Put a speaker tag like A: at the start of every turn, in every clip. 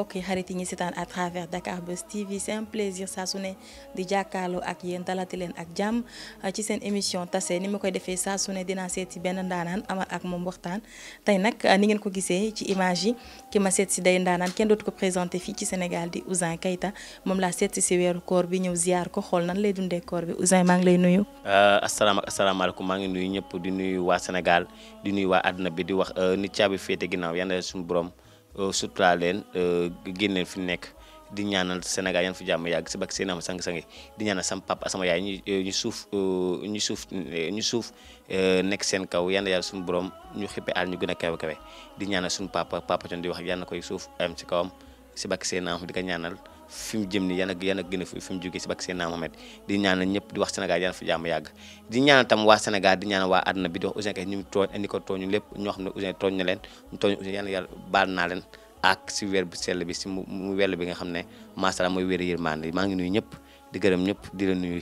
A: mbokk yi xarit yi ñu seetaan à travers Dakar Buzz TV c'est un plaisir saa su ne di jàkkaarloo ak yéen dalati leen ak jàmm euh, ci seen émission tase ni ma koy defee saa su ne dinaa seet si benn ndaanaan amal ak moom waxtaan tey nag euh, ni ngeen ko gisee ci image yi ki ma seet si day ndaanaan kenn dootu ko présenté fii ci Sénégal di Ouzin Keita moom la seet si weeru koor bi ñëw ziar ko xool nan lay dundee koor bi Ouzin maa ngi lay nuyu.
B: Euh, asalaama asalaamaaleykum maa ngi nuyu ñëpp di nuyu waa Sénégal di nuyu waa àdduna bi di wax nit caabi féete ginnaaw yàlla suñu borom. sut euh, sutura leen euh, génneen fi nekk di ñaanal Sénégal yan fi jàmm yàgg si bak seen am sang-sang di ñaanal sam papa sama yaay ñu euh, ñu suuf ñu suuf ñu suuf nekk seen kaw yal na yàlla suñu borom ñu xëppee àll ñu gën a kawe kawe di ñaanal suñu papa papa Thione di wax yal na koy suuf am si kawam si bak seen am di ko ñaanal fi mu jëm ni yan ak yan ak gën a fi mu jógee si bakk Seydina Mohamed di ñaanal ñëpp di wax Sénégal yan fa jàmm yàgg di ñaanal tam waa Sénégal di ñaanal waa àdduna bi di wax Ouzin Keita ñu mu tooñ tooñu lépp ñoo xam ne Ouzin tooñ na leen ñu leen ak si weer bu bi si mu weer bi nga xam ne masala mooy wéer yërmande maa ngi nuyu ñëpp di gërëm ñëpp di la nuyu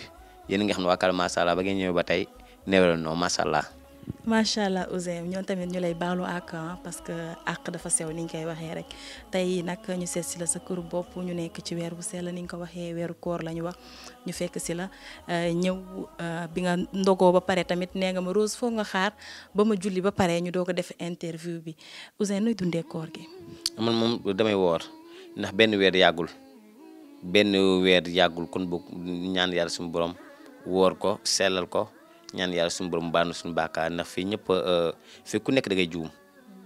B: yéen nga xam ne waa Kër masala ba ngeen ñëw ba tey neewal noo masala
A: macha allah Ouzin ñoom tamit ñu lay baalu àq ah, parce que àq dafa sew ni ñu koy waxee rek tey nag ñu seet si la sa kër bopp ñu nekk ci weer bu sell ni ñu ko waxee weeru koor la ñu wax ñu fekk si la euh, ñëw euh, bi nga ndogoo ba pare tamit nee nga ma Rose foog nga xaar ba ma julli ba pare ñu doog a def interview bi Ouzin nuy dundee koor gi.
B: man moom damay woor ndax benn weer yàggul benn weer yàggul kon boog ñaan yàlla sum borom woor ko sellal ko. ñaan yàlla suñu borom baal na suñu bàkkaar ndax fii ñëpp euh, fii ku nekk da ngay juum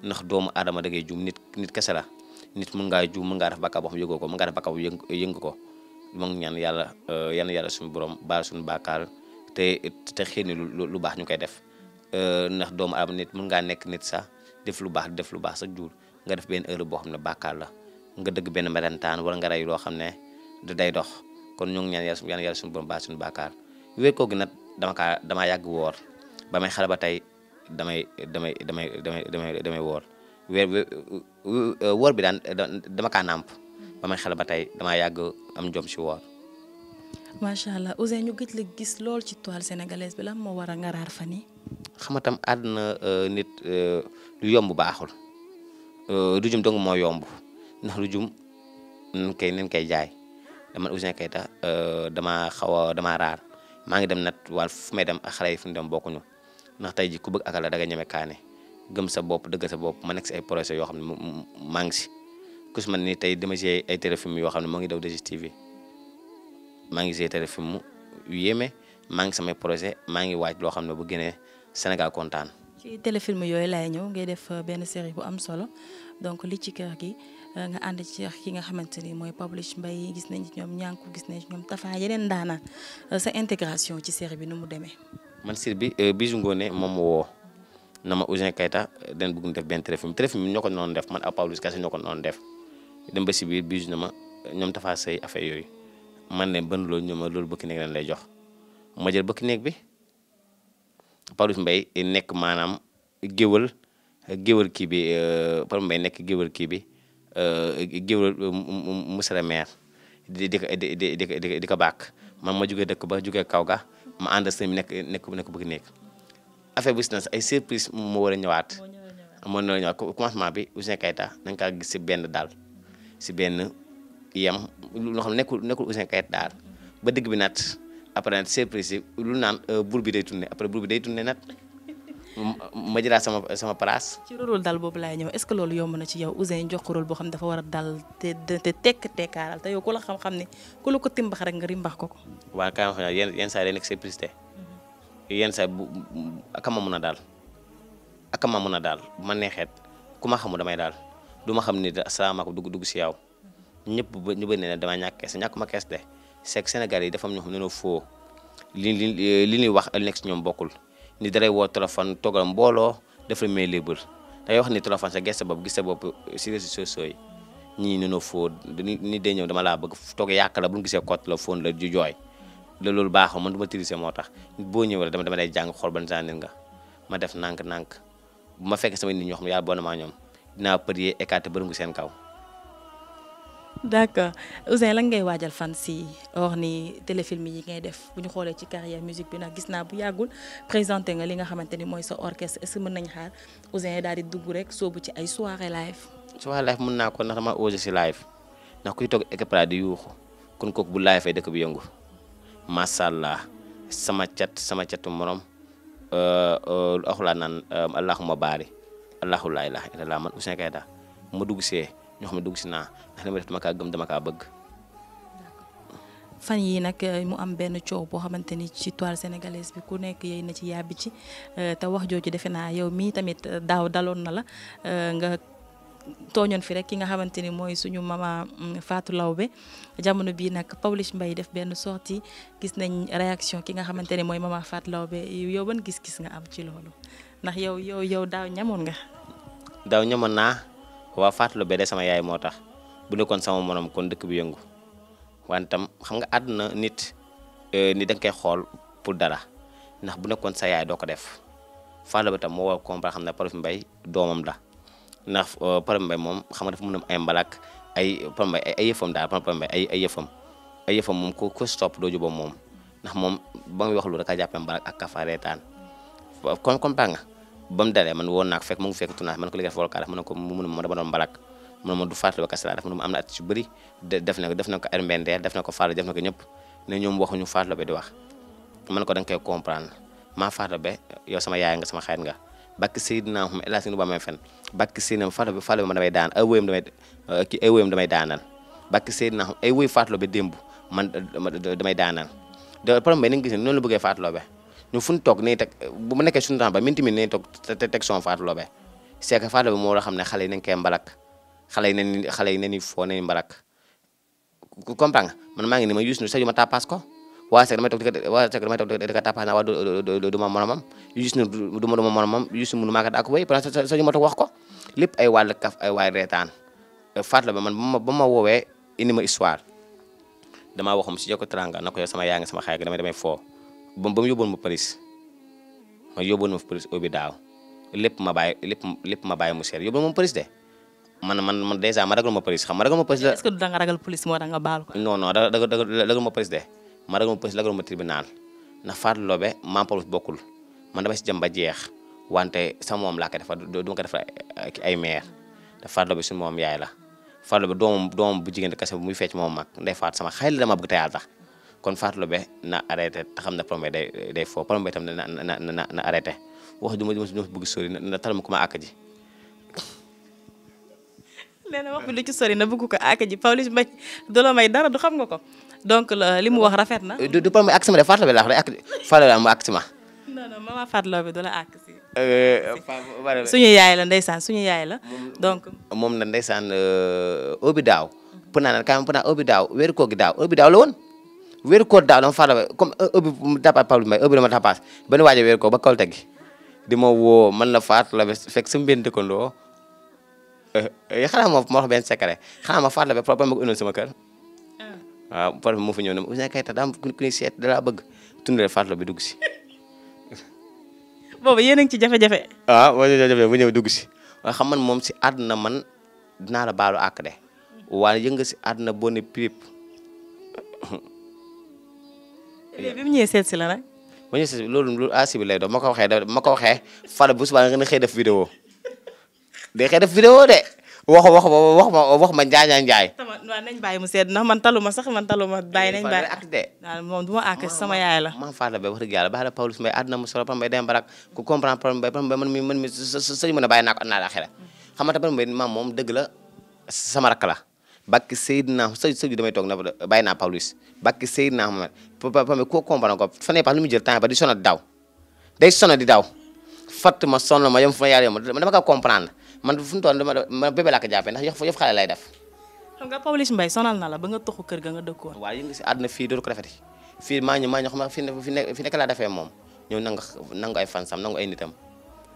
B: ndax doomu aadama da ngay juum nit nit kese la nit mën ngaa juum mën ngaa def bàkkaar boo xam yëgoo ko mën ngaa def bàkkaar bu yëng ko mu ngi ñaan yàlla euh, yal na yàlla suñu borom baal suñu bàkkaar te te xëy na lu lu baax ñu koy def euh, ndax doomu aadama nit mën ngaa nekk nit sax def lu baax def lu baax sax jur nga def benn heure boo xam ne bàkkaar la nga dëgg benn melentaan wala nga rey loo xam ne du day dox kon ñu ngi ñaan yàlla yal na yàlla suñu borom baal suñu bàkkaar wéer koo gi nag dama kaa damaa yàgg woor ba may xale ba tey damay damay damay damay damay damay woor weer euh, woor bi daan dama kaa nàmp ba may xale ba tey damaa yàgg am jom si woor.
A: macha allah Ouzin ñu gëj la gis lool ci toile sénégalaise bi lan moo war a ngaraar fa ni
B: xam nga tam àdduna euh, nit euh, lu yomb baaxul lu jum dong moo yomb ndax lu jum nañ nañ koy jaay dama Ouzin Keita dama xaw a dama raar. maa ngi dem nat wàll fu may dem ak xale fu ñu dem bokkuñu ndax tey ji ku bëgg akala da nga ñeme kaane gëm sa bopp dëgg sa bopp ma nekk si ay projet yoo xam ne maa ngi si ku si man ni tey dama see ay téléfilm yoo xam ne moo ngi daw 2STV maa ngi see téléfilm yu yéeme maa ngi samay projet maa ngi waaj loo xam ne bu génnee Sénégal kontaan.
A: ci yooyu laay ñëw ngay def euh, benn série bu am solo donc li ci kër gi. Euh, nga ànd ci ki nga xamante ni mooy Pawlish Mbaye gis nañ ci ñoom ko gis nañ ci ñoom Tafa yeneen daana euh, sa intégration ci série bi nu mu demee.
B: man série bi euh, Bijou Ngoné moom woo na ma Ouzin Keita dañ bëgg def benn téléfilm téléfilm ñoo ko noonu def man ak Pawlish kese ñoo ko noonu def dem ba si biir Bijou na ma ñoom Tafa say affaire yooyu man ne ban loolu ñoom loolu bëkk néeg lañ lay jox ma jël bëkk néeg bi Pawlish Mbaye nekk maanaam géwal géwal kii bi Pawlish Mbaye nekk géwal kii bi. géwél monsieur le maire di di di di di ko bàkk man ma jugee dëkk ba jugee kaw ga ma ànd sëñ bi nekk nekk nekk bëgg nekk affaire bi si ay surprise mu war a ñëwaat moo noo ñëwaat commencement bi Ouzin Keita nañ kaa gis si benn daal si benn yem loo xam nekkul nekkul Ouzin Keita daal ba digg bi nat après nag surprise lu naan euh, buur bi day tourné après buur bi day tourné nat ma jëlaat sama sama place.
A: ci rôle daal boobu laay ñëw est-ce que loolu yomb na ci yow Ouzin jox ko rôle boo xam dafa war a dal te te tekk tekkaaral te yow ku la xam-xam ne ku la ko timbax rek nga rimbax ko ko.
B: waaw kaay ma xam ne yenn yenn saa yi day mhm. a daal akama mun a ku ma xamul damay daal du ma xam ni asalaamaaleykum dugg dugg si yow ñëpp ba ñu bëri ne damaa ñàkk kees ñàkk ma kees de c'est que Sénégal yi dafa am ñoo xam ne dañoo foo li li li ñuy wax li nekk si ñoom bokkul. ni dalay woo téléphone toggal mbooloo dafa may libre dangay wax ni téléphone sa gis sa bopp gis sa bopp si réseaux sociaux yi ñii nenoo foo ni day ñëw dama laa bëgg toog yàq la bu ñu gisee cote la fóon la ju jooy la loolu baaxul man du ma tirise moo tax boo ñëwee dama dama day jàng xool ban genre nit nga ma def nànk-nànk bu ma fekkee sama ni ñoo xam ne yàlla bon na maa ñoom dinaa përie écarté bërëngu seen kaw
A: d'accord Ouzin lan ngay waajal fan si or ni téléfilm yi ngay def bu ñu xoolee ci carrière musique bi nag gis naa bu yàggul présenté nga li nga xamante ni mooy sa orchestre est-ce que mën nañ xaar Ouzin daal di dugg rek soobu ci ay soirée live.
B: soirée live mën naa ko ndax dama osé si live ndax kuy toog écran di yuuxu kon kooku bu live ay dëkk bu yëngu macha allah sama cat sama catu morom euh, euh, lu axulaa naan euh, allahuma baari allahu laa ilaaha illallaah man Ouzin Keita mu dugg see. ñoo xam ne dugg si naa ndax li ma def dama kaa gëm dama kaa bëgg.
A: fan yi nag eh, mu am benn coow boo xamante ni ci toile sénégalaise bi ku nekk yey na ci yàbbi ci eh, te wax jooju defe naa yow mi tamit eh, daaw daloon na la nga tooñoon fi rek ki nga xamante ni mooy suñu mama mm, Fatou be jamono bii nag Pawlish mbay def benn sortie gis nañ réaction ki nga xamante ni mooy mama Fatou Lawbe yow ban gis-gis nga am ci loolu ndax yow yow yow daaw ñamoon nga.
B: daaw ñamoon naa. waaw faatuloo bee de sama yaay moo tax bu nekkoon sama morom kon dëkk bu yëngu wante tam xam nga àdduna nit euh, ni da nga koy xool pour dara ndax bu nekkoon sa yaay doo ko def faatuloo ba tam moo war comprendre xam ne Prof doomam la ndax euh, Prof Mbaye moom xam nga dafa mën a ay ay Prof Mbaye ay yëfam daal Prof ay ay yëfam ay yëfam moom ko ko stop doo juboo moom ndax moom ba muy wax lu rek a jàppee mbalaak ak kafa reetaan kon comprendre nga. ba mu dalee man woon naa fekk mu ngi fekk tournage man ko li nga def volcan daf na ko mu mën ma dama doon mbalak mën ma du fàttali def na ko def na def na ko Fallou def ñëpp ne ñoom waxuñu Fallou be di wax man ko da nga koy comprendre maa Fallou be yow sama yaay nga sama xarit nga bakki Seydina Muhammad El Hadj Ndouba may fen bakki Seydina Fallou be Fallou be ma damay daan ay wóyam damay kii ay wóyam damay daanal bakki Seydina Muhammad ay wóy Fallou be démb man damay daanal de problème bi ni nga gis noonu la bëggee Fallou be ñu fu ñu toog nii teg bu ma nekkee suñu temps ba min tamit nii toog te teg son Fatou Laobé c'est que Fatou Laobé moo la xam ne xale yi nañ koy mbalak xale yi nañ xale yi nañ foo nañ mbalak ku comprendre nga man maa ngi ni ma Youssou Ndour sax yu ma tàppaas ko waa ma moromam Youssou Ndour du ma du ma moromam Youssou mënu maa ak wéy parce que wax ko lépp ay wàll kaf ay waay reetaan Fatou Laobé man ba ma ba ma woowee indi ma histoire damaa waxum si Jokalante na ko sama yaa ngi sama xaay damay damay foo ba ba mu yóbboon ma Paris ma yóbboon ma Paris obi daaw lépp ma bàyyi lépp lépp ma bàyyi mu seer yóbboon ma Paris de man man ma ragal ma Paris xam ma ragal ma Paris la. est-ce que du da nga ragal police
A: nga baal
B: ko. non non ragal ragal ma Paris de ma ragal ma Paris ragal ma tribunal na Fatou Laobé Mampalous bokkul man dama si jëm ba jeex wante sama moom laa koy defar du ma ko defar ay maire te Fatou Laobé suñu moom yaay la Fatou Laobé doom doomam bu jigéen kese muy fecc moom mag ndey Fatou sama xayli dama bëgg te yàlla tax kon Fatou Laobé na arrêté te xam ne day day foo Palombe na na na na arrêté wax duma duma duma bëgg sori na taram ku ma àkk ji.
A: nee na wax bi lu ci sori na ko àkk la euh, li mu wax rafet na.
B: du du Palombe àkk si ma de ma.
A: non non maman Fatou euh,
B: suñu yaay la ndeysaan suñu yaay la donc. moom na ndeysaan euh, obi daaw. pour naan kaan obi daaw weeru koo daaw obi daaw la weeru ko daaw dama faraba comme ëbbi dapa Pablo Mbaye weeru koor ba Kolda gi di ma woo man la faatu la fekk sama benn dëkkandoo eh, eh, xanaa ma ma wax benn secret xanaa ma faatu la ah. bëgg tundale bi dugg
A: si boobu a ngi ci jafe-jafe
B: ah, dugg si moom si àdduna man dinaa la baalu àq de waaye yënga si àdduna boo ne
A: bi mu ñëwee seet si la nag.
B: ba ñu si loolu loolu asi bi lay doon ma ko waxee da ma ko waxee fada bu subaa nga ne xëy def vidéo de xëy def ma wax ma njaañaa njaay.
A: sama waaw nañ bàyyi sax man taluma bàyyi nañ bàyyi ak de waaw moom ma àkk sama yaay la man fada bay wax dëgg
B: yàlla baax na Pawlish Mbaye àddina mu solo Pawlish Mbaye dem barak ku comprendre Pawlish Mbaye Pawlish Mbaye man mi man mi sëñ mën a bàyyi naa ko àddina àlaxira xam nga Pawlish Mbaye maam moom dëgg sama rakk la bakki Seydina sëñ na bàyyi naa Pawlish bakki Seydina Mohamed papa ko comprendre ko fa ne pas lu mu jël temps ba di sonal di daw day sonal di daw fatt ma sonal ma yom fu ma yàlla yom dama ko comprendre man fu mu toll dama ma bébé laa ko jàppee ndax yof yof xale lay def
A: xam nga Pawlish Mbaye sonal na la ba nga toxu kër ga nga dëkkoon waaw yi nga
B: si àdduna fii dootu ko defeti fii maa moom ñëw nanga nangu ay fansam nangu ay nitam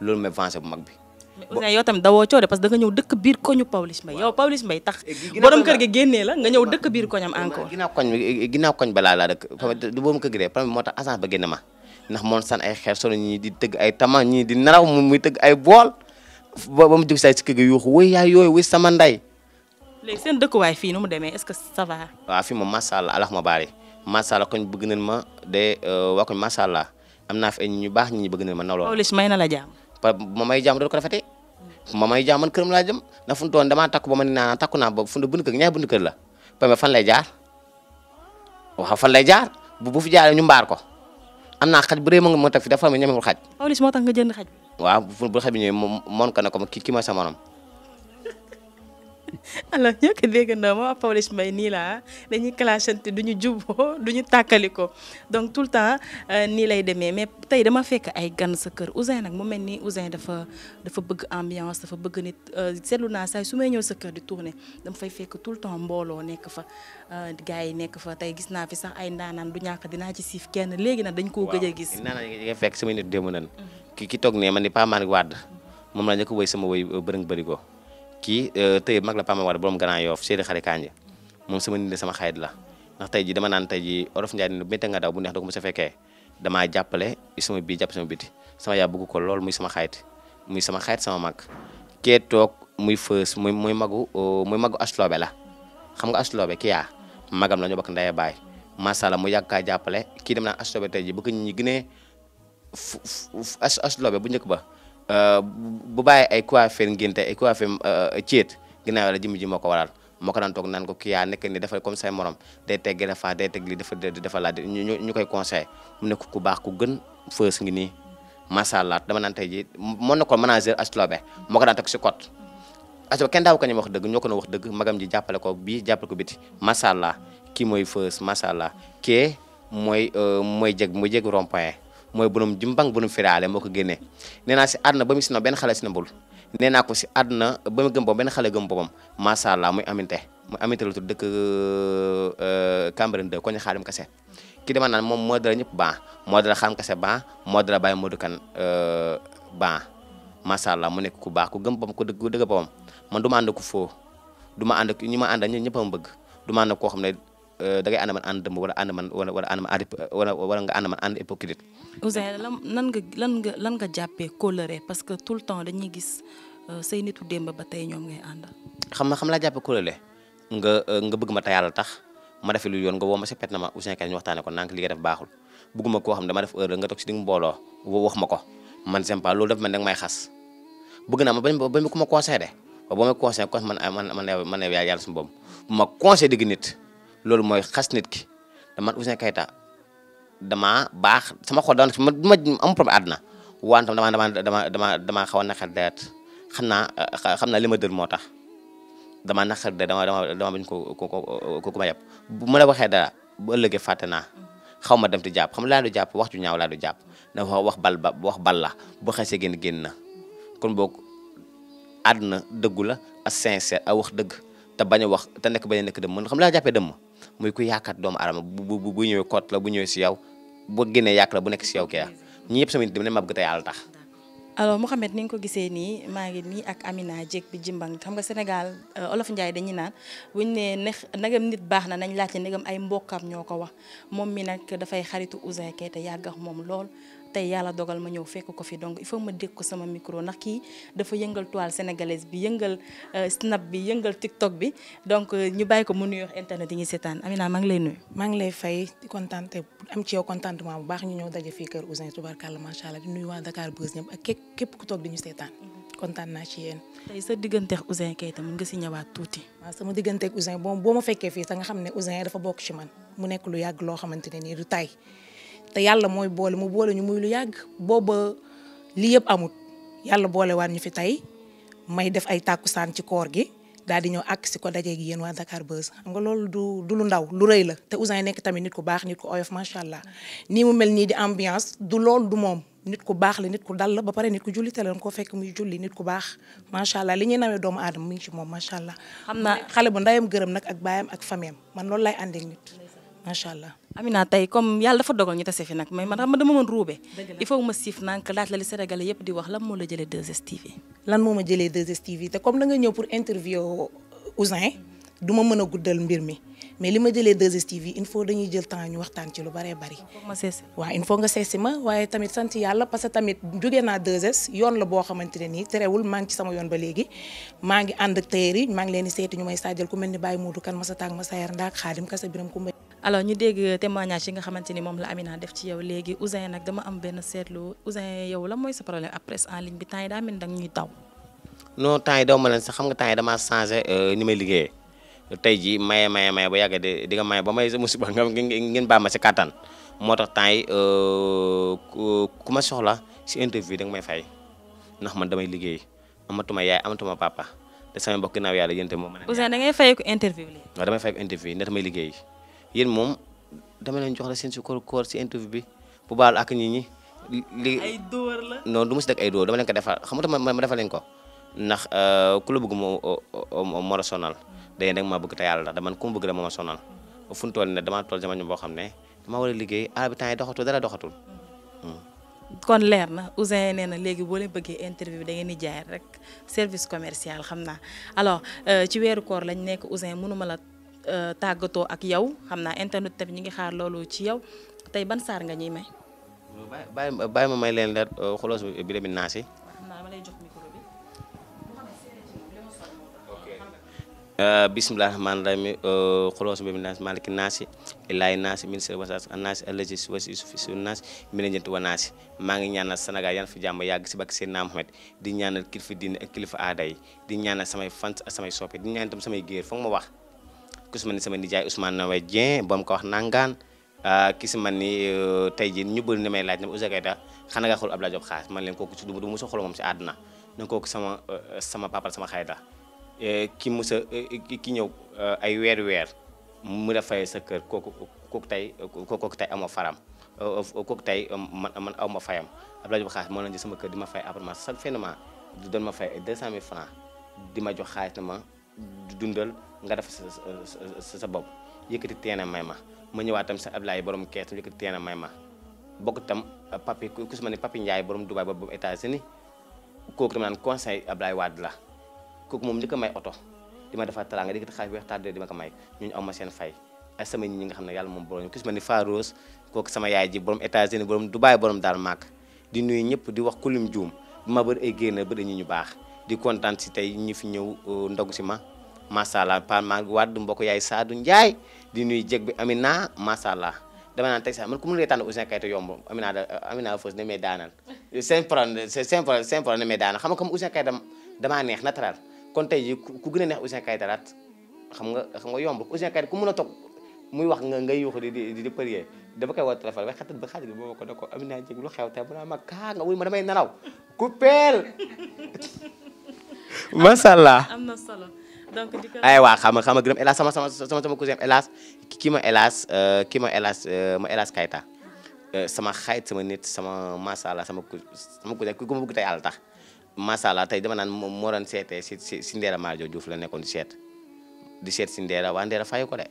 B: loolu mooy vencé bu mag bi
A: mais yow tamit dawoo coow de parce que da nga ñëw dëkk biir koñu Pawlish Mbaye yow Pawlish Mbaye tax eh, borom kër gi génnee la nga ñëw dëkk biir koñam encore
B: ginnaaw koñ ginnaaw koñ balaa laa dëkk ah. du boobu kër gi de problème moo tax agence ba génn ma ndax moon san ay xeer solo di tëgg ay tama naraw muy tëgg ay bool ba mu jóg say si kër gi yuuxu wuy yaay yooyu wuy sama nday
A: léegi seen dëkkuwaay fii nu mu demee es ce que ça va
B: waaw fii moom macha allah alax ma baari macha allah koñ bëgg nañ ma de euh, waa koñ macha am naa fi baax ñi bëgg nañ ma nawloo may na la jàmm pa ma may jaam doon ko rafetee ma may jaam man këram laa jëm na fu mu doon damaa takku ba ma ne takku naa boo fu mu ne bunt kër ñaari bunt kër la pambe fan lay jaar waaw fan lay jaar bu bu fi jaaree ñu mbaar ko am naa xaj bu rëy ma nga ma teg fi dafa am ñemewul xaj.
A: moo tax nga jënd xaj.
B: waaw bu bu xaj bi ñëwee moom ko ne ko ki ki ma sa
A: alors ñoo ko déggandoo ma Pawlish Mbaye nii laa dañuy clashante duñu juboo duñu ko donc tout le temps euh, nii lay demee mais tey dama fekk ay gan sa kër Ouzin nag mu mel nii Ouzin dafa dafa bëgg ambiance dafa bëgg nit euh, seetlu naa saay su may ñëw sa kër di tourner dama fay fekk tout le temps mbooloo nekk fa euh, gars yi nekk fa tey gis naa fi sax ay ndaanaan du ñàkk dinaa ci siif kenn léegi nag dañ koo gëj a gis ndaanaan
B: nga fekk sama nit démb nan mm-hmm. ki ki toog ne man ni Pape Malick Wade moom laa njëkk woy sama woy bërëng bëri ko kii euh, tey mag la Pama Wade borom Grand Yoff Seydou Xari Kanja moom sama nit sama xarit la ndax tey ji dama naan tey ji orof Ndiaye ne bu neex da ko mu sa fekkee damaa jàppale sama bii jàpp sama biti sama yaa bëgg ko lool muy sama xarit muy sama xarit sama mag kee toog muy fës muy muy euh, la xam nga asloobe ki yaa magam la ñu bokk ndeye mu yàgg kaa jàppale kii dem naa asloobe tey bu njëkk ba Euh, bu bàyyi ay coiffeur ngénte ay coiffeur ceet ginnaaw la ji moo ko waral moo ko daan toog naan ko kii yaa nekk ni dafa comme say morom day teg gërëfaa day teg ñu ñu koy conseil mu nekk ku baax ku gën fës ngi nii macha allah dama naan tey jii mën na ko manager asloobe moo ko daan teg si kot asloobe kenn daaw ko ñu wax dëgg ñoo ko doon wax dëgg magam ji jàppale ko bii jàppale ko biti macha allah kii mooy fës macha allah kii mooy euh, mooy jeg mooy jeg rond mooy borom jumbang borom firaale moo ko génnee nee naa si àdduna ba mu sinoo benn xale sinabul nee naa ko si àdduna ba mu gëm boppam benn xale gëm boppam macha allah muy aminte muy aminte la tudd dëkk euh, Cambérène 2 ko ñu xaarim kase ki dama naan moom moo dara ñëpp ban moo dara xaarim kase ban moo dara bàyyi Modou Kane euh, ban macha allah mu nekk ku baax ku gëm boppam ku dëgg ku ma ànd ku foo du ma ànd ñu ma àndal ñun ñëpp a bëgg du koo xam ne da ngay ànd man ànd dëmb wala ànd man wala wala ànd man ànd wala wala nga ànd man ànd hypocrite.
A: Ouzin lan lan nga lan nga lan nga jàppee colère parce que tout le temps dañuy gis say nitu démb ba tey ñoom ngay àndal.
B: xam nga xam laa jàppee colère nga nga bëgg ma te yàlla tax ma defe lu yoon nga woo ma si pet na ma Ouzin Keita ñu waxtaanee ko nànk li nga def baaxul bëgguma koo xam ne dama def erreur nga toog si digg mbooloo woo wax ma ko man j'aime pas loolu daf mel ne danga may xas bëgg naa ma bañ bañ ku ma conseillé de waaw boo may conseillé man man man yow yàlla suñu boobu ma conseillé digg nit loolu mooy xas nit ki dama Ouzin Keita damaa baax sama xol daan ma ma am problème àdduna wante dama dama dama dama damaa xaw a naqar deret xam naa xam naa li ma dër moo tax dama naqar de dama dama dama bañ ko ko ko ku ma yab bu ma la waxee dara bu ëllëgee fàtte naa xaw ma dem ti jàpp xam laa du jàpp wax ju ñaaw laa du jàpp dafa wax bal ba wax la bu xasee génn génn na kon boog àdduna dëggu la ak sincère a wax dëgg te bañ a wax te nekk bañ a nekk dëmm mën xam laa jàppee dëmm muy ku yaakaar doomu aadama bu bu bu ñëwee kot la bu ñëwee si yow bu génnee yàq la bu nekk si yow kii ah ñii yëpp sama nit dama ne mab gëte yàlla tax.
A: alors Mouhamed ni nga ko gisee nii maa ngi nii ak Amina Dieg bi jimbang xam nga Sénégal euh, olof Ndiaye dañuy naan wiñ ne nex nagam nit baax na nañ laajte ndegam ay mbokkam ñoo ko wax moom mi nag dafay xaritu Ouzin Keita yàggax moom lool tey yàlla dogal ma ñëw fekk ko fi donc il faut ma dégg ko sama micro ndax kii dafa yëngal toile sénégalaise bi yëngal euh, snap bi yëngal tiktok bi donc euh, ñu bàyyi ko mu nuyoog internet yi ñuy
C: seetaan Amina maa ngi lay nuyu. maa ngi lay fay di kontaan te bu baax ñu ñëw daje fii kër Ouzin tubarkalla macha allah di nuyu waa Dakar Buzz ñëpp ak képp ku toog di ñu seetaan. Mhm. kontaan naa mun nga si ñawaat tuuti. waaw sama digganteeg Ouzin boo boo ma fekkee fii sax nga xam ne Ouzin dafa bokk ci man mu nekk lu yàgg loo xamante ne nii du tay te yàlla mooy boole mu boole ñu muy lu yàgg booba lii yëpp amut yàlla boole waan ñu fi tey may def ay tàkkusaan ci koor gi daal di ñëw ak si ko dajee gi yéen waa Dakar Buzz xam nga loolu du du lu ndaw lu rëy la te Ouzin nekk tamit nit ku baax nit ku oyof macha allah nii mu mel nii di ambiance du lool du moom nit ku baax la nit ku dal la ba pare nit ku julli te la ko fekk muy julli nit ku baax macha allah li ñuy nawee doomu aadama mu ngi ci moom macha allah. xam naa xale bu ndeyam gërëm nag ak baayam ak famiyam man loolu lay àndee
A: macha allah Amina tey comme yàlla dafa dogal ñu tase fi nag mais man xam ma dama mën ruube il faut ma siif nànk laaj la li Sénégalais di wax lan moo la jëlee 2STV
C: lan moo ma jëlee 2STV te comme da nga ñëw pour interview Ousin du ma mën a guddal mbir mi mais li ma jëlee 2STV il faut dañuy jël temps ñu waxtaan ci lu baree bari. waaw il faut nga seesi ma waaye tamit sant yàlla parce que tamit jóge naa 2S yoon la boo xamante ne nii terewul maa ngi ci sama yoon ba léegi maa ngi ànd ak maa ngi leen di seeti ñu may saajal ku mel ni Baye Modou kan Masata ak Masayer Ndaak Xaadim Kasa Biram
A: nga xamante ni moom la Amina def ci yow léegi Ousin nag dama am benn seetlu Ousin yow la mooy sa problème ak presse en ligne bi temps yi daa mel ni danga ñuy daw.
B: temps yi daw ma xam nga temps yi damaa changé euh, ni may liggéeyee tey jii maye maye maye ba yàgg de di nga maye ba may musiba nga ngeen baal ma si kàttan moo tax temps yi euh, ku ma soxla si interview da nga may fay ndax man damay liggéey amatuma yaay amatuma papa te sama mbokk ginnaaw yàlla yéen itam moo mën
A: a. Ouzin da ngay fay ko interview li
B: waaw damay fay ko interview liggéey yéen moom dama leen jox la seen si koor si interview bi bu baal ak nit ñi. li ay dóor du ma si dëkk ay dóor dama leen ko defal xam nga ma ma defal ko ndax euh, ku la bëgg moo moo la sonal. dañuy dag maa bëgg te yàlla da man ku ma bëgg la a ma sonal fu mu toll ne damaa toll jamono boo xam ne damaa war a liggéey ala bi temps yi doxatul dara doxatul
A: hmm. kon leer na Ouzin nee na léegi boo bëggee interview da ngeen di jaay rek service commercial xam naa alors euh, ci weeru koor lañ nekk Ouzin mënuma la euh, tàggatoo ak yow xam naa internet tamit ñi ngi xaar loolu ci yow tey ban saar nga ñuy may.
B: bàyyi bàyyi ma may leen leer euh, xuloos bi bi naasi. Euh, bisimilah rahmaani rahim xuloosu euh, bi naas maliki naasi ilaay naasi ministre wasaas naasi alaji si wasi sufi su naasi mina jënt wa naasi maa ngi ñaana Sénégal yan fi yàgg si bakk seen naa Mohamed di ñaanal kilifa diine ak kilifa aada di ñaanal samay fans ak samay di ñaanal tam samay géer ma wax ku si mel ni sama nijaay Ousmane Noé Dieng ba mu ko wax nangaan euh, ki si man ni tey jii ñu bëri ni may laaj ne Ouzin Keita xanaa nga xool Abdoulaye Diop Khass man leen kooku si du ma du ma sa xool moom si àdduna na kooku sama sama papa sama xarit la Eh, ki mus a eh, ki ñëw eh, ay weer weer mu la fay sa kër kooku kooku tey kooku tey amoo faram kooku tey man man aw ma fayam Abdoulaye Diop xaalis moo leen di sama kër di ma fay appartement chaque fin de mois ma fay 200000 di ma jox xaalis na ma dundal nga def sa sa sa bopp yëkkati teena may ma ma ñëwaat tam sa Abdoulaye borom kees yëkkati teena may ma bokk tam papi ku su ma ne papi Ndiaye borom Dubaay boobu États-Unis kooku dama naan conseil Abdoulaye Wade la. kooku moom li ko may oto di ma defar teraanga di ko xaalis bi waxtaan di ma ko may ñooñu am ma seen fay ak sama ñi nga xam ne yàlla moom borom ku si mel ni Farouz kooku sama yaay ji borom États-Unis borom Dubaay borom daal màkk di nuyu ñëpp di wax kulim juum bu ma bëri ay génn bëri ñu ñu baax di kontaan si tey ñu fi ñëw euh, ndog si ma macha allah Pa Mag Wade mbokk yaay Sadou Ndiaye di nuyu jeg bi Amina macha allah dama naan teg sax man ku mu lay na Ouzin Keita yomb Amina da euh, Amina Fos ne may daanal. c'est un problème c'est un problème ne may daanal xam nga comme Ouzin kon tey jii ku gën a neex Ouzin Keita xam nga xam nga yomb Ouzin Keita ku mën a toog muy wax nga ngay yuuxu di di di përie dafa koy war téléphone waaye xatat ba xaaj bi booba ko da ko am naa jéeg lu xew te bu naa mag ma damay nelaw ku peel macha allah am xam xam nga sama sama sama sama cousin hélas kii ma hélas euh, ma hélas euh, ma hélas euh, sama xayit sama nit sama macha sama sama ku ma bëgg tey yàlla macha allah tey dama naan moom moo doon seetee si si si Ndéla Maajo Diouf la nekkoon di seet di seet si Ndéla waa Ndéla fayu ko de.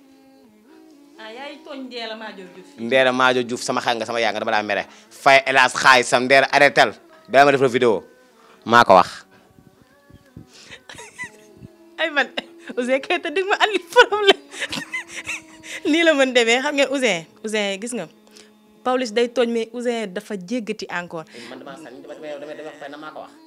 A: ah yaay tooñ
B: sama xarit nga sama yaa nga dama daa mere fay hélas xaay sam Ndéla arrêtel balaa ma def la vidéo maa ko wax.
A: ay man Ouzin Keita dégg ma andi problème nii la mën demee xam ngeen Ouzin Ouzin gis nga. Pawlish day tooñ mais Ouzin dafa jéggati encore.
B: man damaa sànni dama dama dama wax fay na maa ko wax.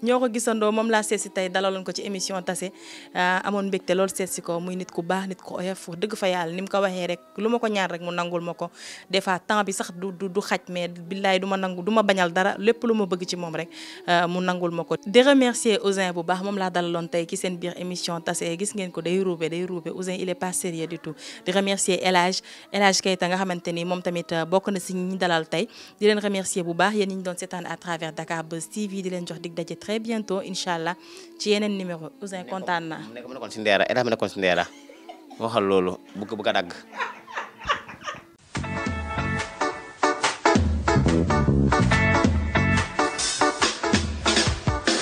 A: ñoo ko gisandoo moom la seet si tey dalaloon ko ci émission tase ah, amoon mbégte loolu seet si ko muy nit ku baax nit ku oyof wax dëgg fa yàlla ni mu ko waxee rek lu ma ko ñaan rek mu nangul ma ko des fois sax du du du xaj mais billaay du ma nangu du ma bañal dara lépp lu ma bëgg ci moom rek ah, mu nangul ma ko di remercier Ouzin bu baax moom laa dalaloon tey ci seen biir émission tase gis ngeen ko day ruube day ruube Ouzin il est pas sérieux du tout di remercier El Hadj El Hadj Keita nga xamante ni moom tamit ah, bokk na si ñi dalal tey di leen remercier bu baax yéen ñi ñu di leen jox dig daje très bientôt incha allah ci yeneen numéro Ouzin kontaan naa. mu nekkoon si
B: Ndera état bi nekkoon si Ndera waxal loolu bëgg a dagg.